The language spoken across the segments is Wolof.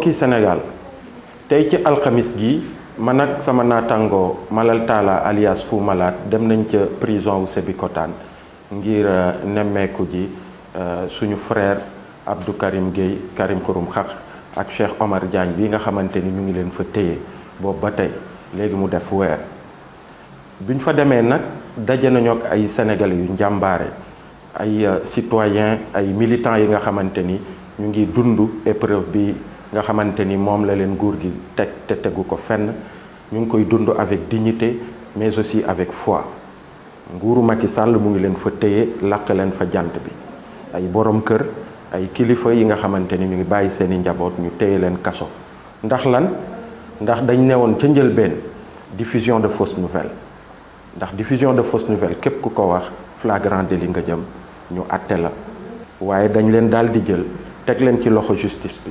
mbokki Senegal, tay ci alxamis gi man ak sama natango Malal tala alias Fou Malat dem nañ ci prison wu Sébikotane ngir euh, nemmeeku ji euh, suñu frère Abdou Karim Gueye Karim kurum khakh ak Cheikh Omar Diagne bi nga xamanteni ñu ngi leen fa teyé bo ba tey léegi mu def wèr biñ fa démé nak dajé nañu ak ay sénégalais yu ay euh, citoyen ay militants yi nga xamanteni ñu ngi dundu épreuve bi nga xamanteni mom la len nguur gi te tegu ko fenn ñu ngi koy dund avec dignité mais aussi avec foi nguru Macky Sall mu ngi len fa teyé laq len fa jant bi ay borom kër ay kilifa yi nga xamanteni ni ñu ngi bayyi seeni njaboot ñu teyé len kasso ndax lan ndax dañ ci ca ben diffusion de fausses nouvelles ndax diffusion de fausses nouvelles kep ku ko wax flagrant délit nga jëm ñu atté la waye dañ len dal di jël teg len ci loxo justice bi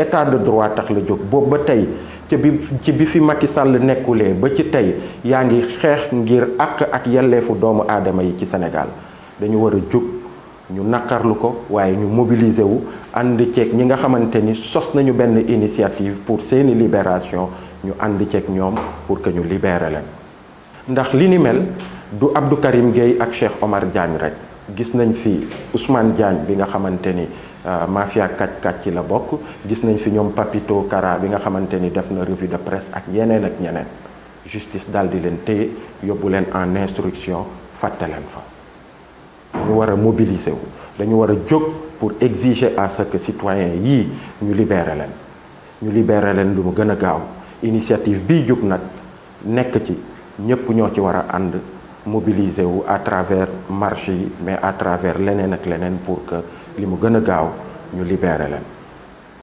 état de droit tax la jog boobu ba ci bi ci bi fi Macky Sall nekkulee ba ci tay yaa ngi ngir ak ak yelleefu doomu adama yi ci Sénégal dañu wara jog ñu naqarlu ko waaye ñu mobiliser wu ànd ñi nga xamanteni sos nañu ben initiative pour sen libération ñu ànd ceeg ñom pour que ñu libérer leen ndax li ni mel du Abdou Karim Gueye ak Cheikh Omar Diagne rek gis nañ fi Ousmane Diagne bi nga xamanteni Euh, mafia kàcc kàcc ci la bokk gis nañ fi ñoom Papito Kara bi nga xamante ni def na revue de presse ak yeneen ak ñeneen justice daal di leen téye yóbbu leen en instruction fàtte leen fa ñu war a mobiliser wu dañu war a jóg pour exiger à ce que citoyen yii ñu libéré leen ñu libéré leen lu mu gën a gaaw initiative bi jóg nag nekk ci ñépp ñoo ci war a ànd mobiliser wu à travers marche yi mais à travers leneen ak leneen pour que li mu gën a gaaw ñu libéré leen